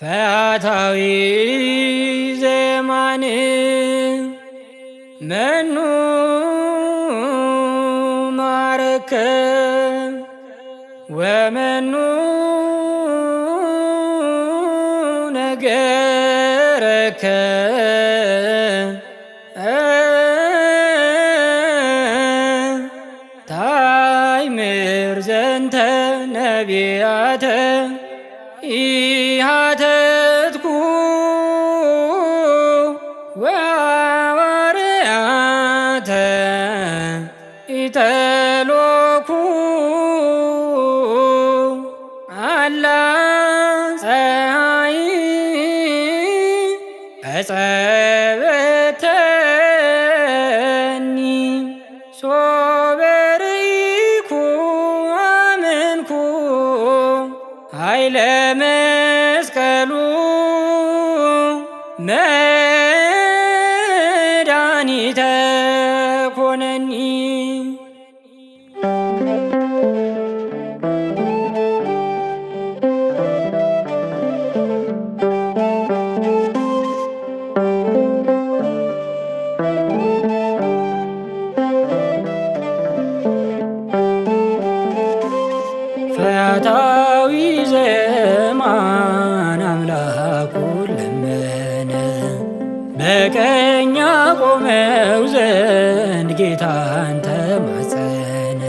ፈያታዊ ዘየማን መኑ ማረከ ወመኑ ነገረከ ጌታን ተማጸነ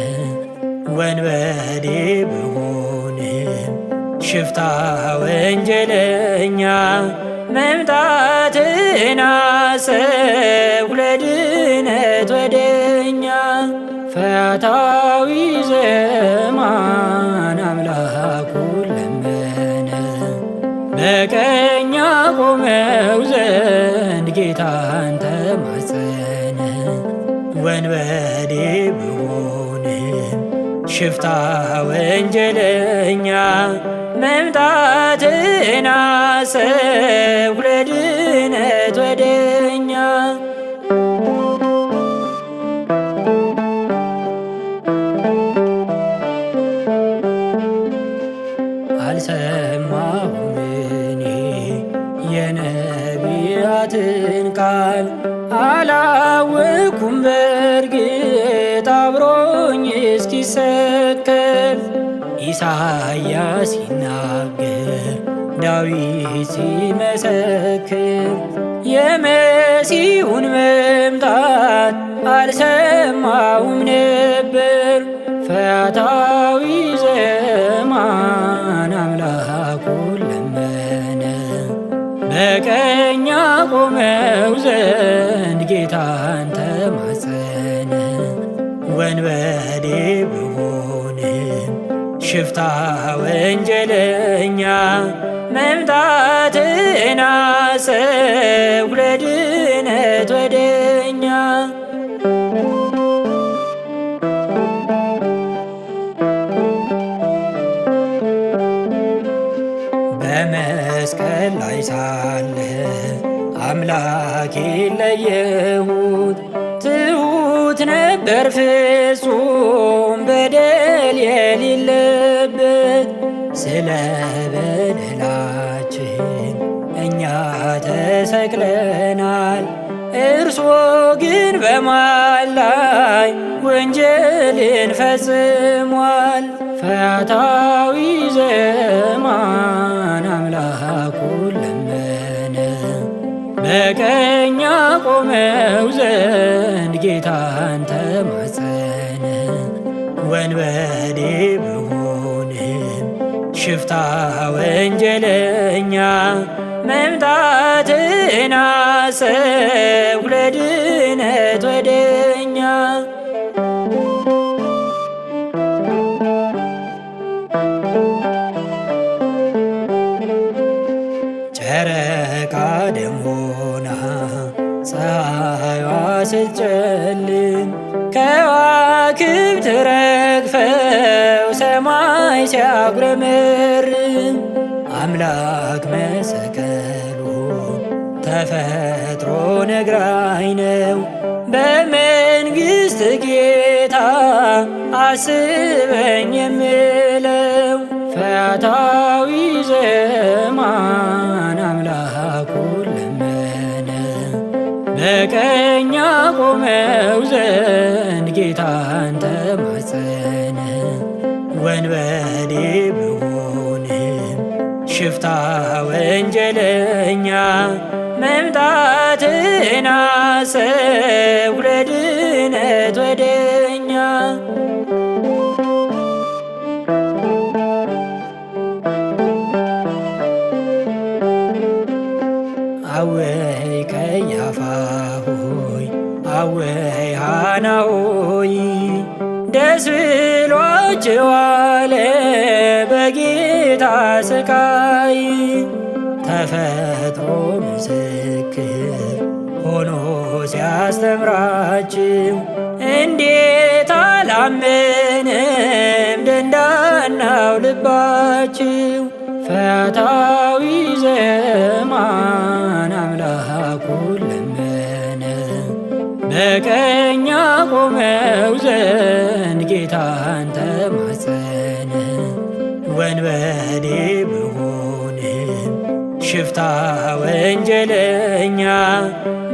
ወንበዴ ብሆንም ሽፍታ ወንጀለኛ መምጣትን አሰብኩ ለድነት ወደኛ ፈያታዊ ዘማን አምላኩ ለመነ በቀኛ ያቆመው ዘንድ ጌታን ተማጸነ ወንበዴ ብሆን ሽፍታ ወንጀለኛ መምጣትና ሰብኩ ለድነት ወደኛ የነቢያትን ቃል አላወ ሲሰቀል ኢሳያስ ሲናገር ዳዊት ሲመሰክር የመሲሁን መምጣት አልሰማውም ነበር። ፈያታዊ ዘማን አምላኩን ለመነ በቀኛ ቆመው ዘንድ ጌታን ተማጸነ ወንበር ሽፍታ ወንጀለኛ መምጣትና ሰው ለድነት ወደኛ በመስቀል ላይ ሳለ አምላክ ለየሁት ትሁት ነበር ፍጹም በደል የሌ ስለበደላችን እኛ ተሰቅለናል፣ እርሶ ግን በመሃል ላይ ወንጀልን ፈጽሟል። ፈያታዊ ዘማን አምላኩን ለመነ፣ በቀኛ ቆመው ዘንድ ጌታን ተማጸነ ወንበር ሽፍታ ወንጀለኛ መምጣትና ሰው አምላክ መሰቀሉ ተፈጥሮ ነግራኝ ነው በመንግሥት ጌታ አስበኝ የምለው ፈያታዊ ዘማን አምላኩ ለመነ በቀኛ ቆመው ዘንድ ጌታን ተማጸነ ወንበዴ ሽፍታ ወንጀለኛ መምጣትና ሰው ለድነት ወደ ሲያስተምራችሁ እንዴት አላመንም ደንዳናው ልባችሁ ፈታዊ ዘማን አምላኩ ለመነ በቀኛ ቆመው ዘንድ ጌታን ተማጸነ ወንበዴ በሆንም ሽፍታ ወንጀለኛ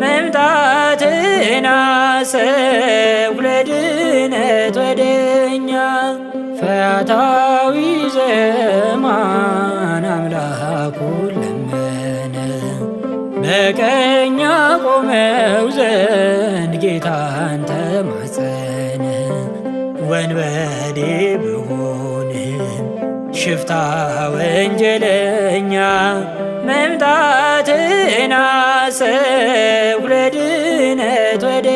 መምጣ ደህና ለድነት ወደኛ ፈያታዊ ዘማን አምላኩ ለመነ በቀኛ ቆመው ዘንድ ጌታን ተማጸነ ወንበዴ ብሆንም ሽፍታ ወንጀለኛ መምጣትና ሰው ለድነት ወደ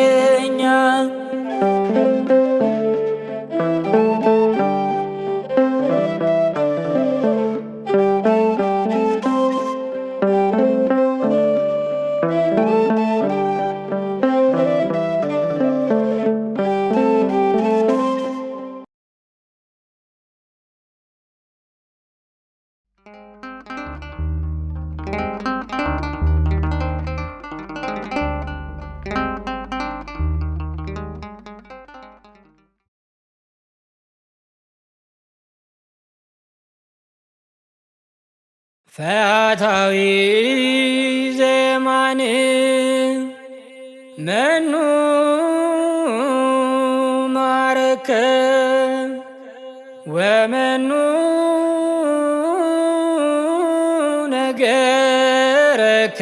ፈያታዊ ዘየማን መኑ ማረከ ወመኑ ነገረከ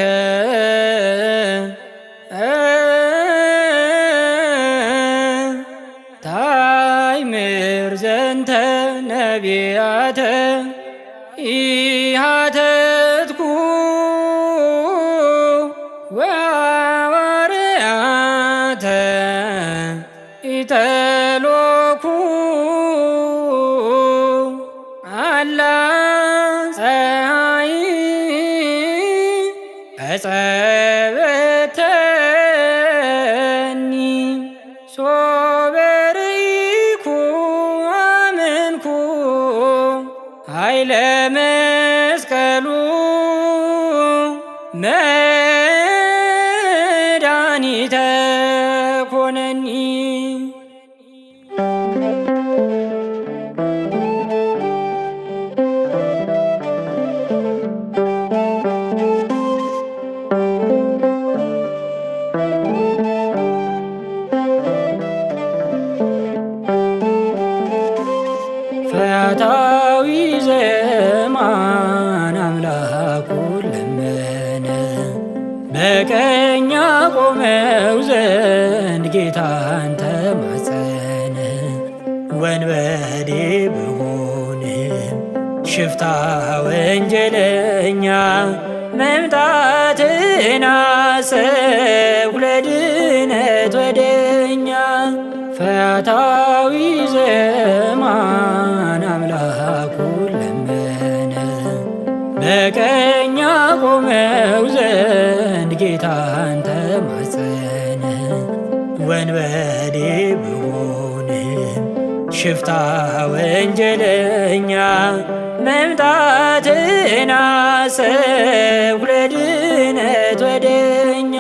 ቀን ጌታን ተማፀነ ወንበዴ ብሆንም ሽፍታ ወንጀለኛ መምጣትን አሰብኩ ለድነት ወደኛ ፈያታዊ ዘማን አምላኩን ለመነ በቀኛ ያቆመው ዘንድ ጌታን ተማፀነ ወንበዴ ብሆንም ሽፍታ ወንጀለኛ መምጣትና ሰው ለድነት ወደኛ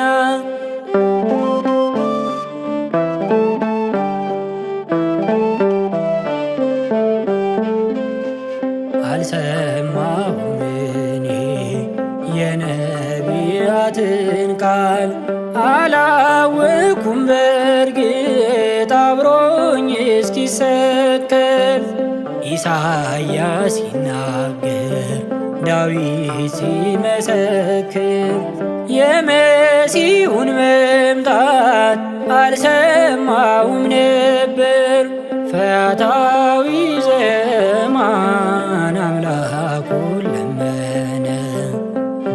የነቢያትን ቃል አላወ ሲሰከም ኢሳያስ ሲናገር ዳዊት ሲመሰክር የመሲሁን መምጣት አልሰማውም ነበር ፈያታዊ ዘማን አምላኩን ለመነ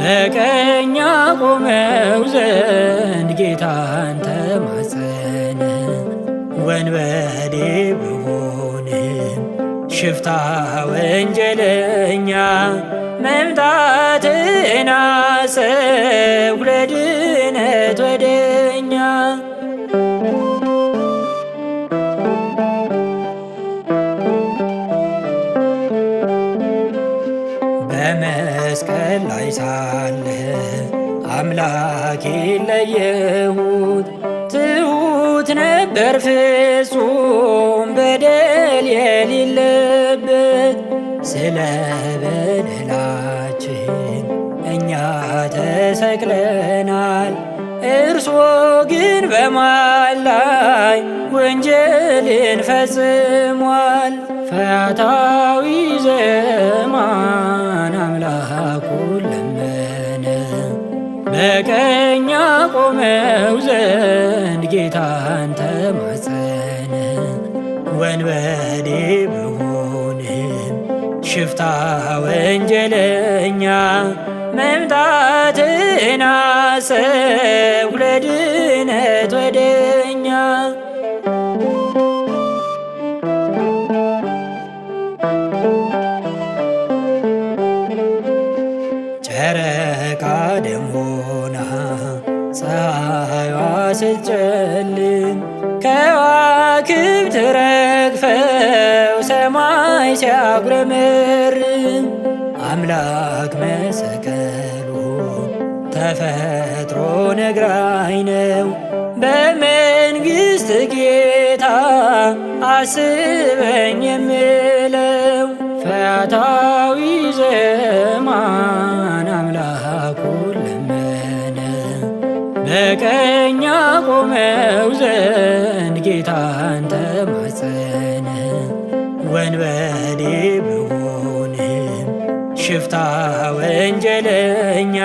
በቀኝ ያቆመው ዘንድ ጌታን ተማጸነ ወንበር ሽፍታ ወንጀለኛ መምጣትና ሰው ለድነት ወደኛ በመስቀል ላይ ሳለ አምላክ ለየሁት ትሁት ነበር ፍጹም በደል የሌለ ስለ በደላችን እኛ ተሰቅለናል፣ እርሶ ግን በመሃል ላይ ወንጀልን ፈጽሟል። ፈያታዊ ዘማን አምላኩን ለመነ፣ በቀኝ ያቆመው ዘንድ ጌታን ተማጸነ ወንበር ሽፍታ ወንጀለኛ መምጣትና ሰው ለድነት ወደኛ ጨረቃ ደም ሆና ፀሐይዋ ስትጨልም ከዋክብት ረግፈው ሰማይ ሲያጉረመ አምላክ መሰቀሉ ተፈጥሮ ነግራኝ ነው በመንግሥት ጌታ አስበኝ የምለው ፈያታዊ ዘማን አምላኩ ለመነ በቀኛ ቆመው ዘንድ ጌታን ተማጸነ ወንበዴ ሽፍታ ወንጀለኛ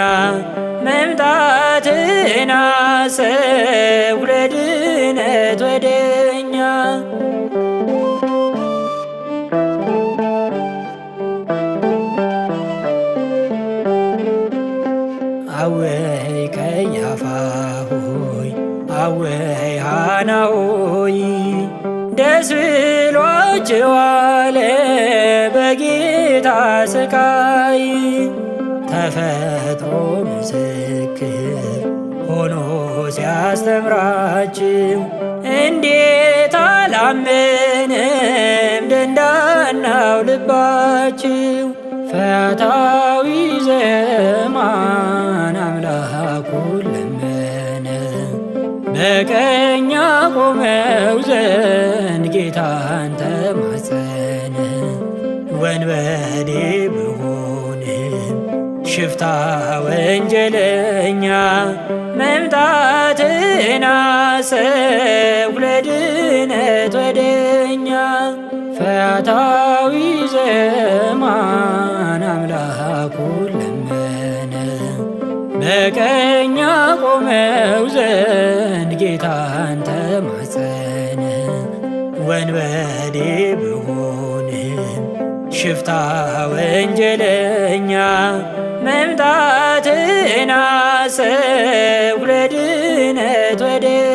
መምጣትና ሰው ለድነት ወደኛ አወይ ቀያፋ ሆይ አወይ ሃና ሆይ ደስ ብሏችኋል ሲያስተምራችሁ እንዴት አላመንም ደንዳናው ልባችሁ ፈታዊ ዘማን አምላኩ ለመነ በቀኛ ቆመው ዘንድ ጌታን ተማጸነ ወንበዴ ብሆንም ሽፍታ ወንጀለኛ መምጣ አሰብኩ ለድነት ወደኛ ፈያታዊ ዘማን አምላኩን ለመነ በቀኛ ቆመው ዘንድ ጌታን ተማጸነ ወንበዴ ብሆንም ሽፍታ ወንጀለኛ መምጣትና ሰው ለድነት ወደ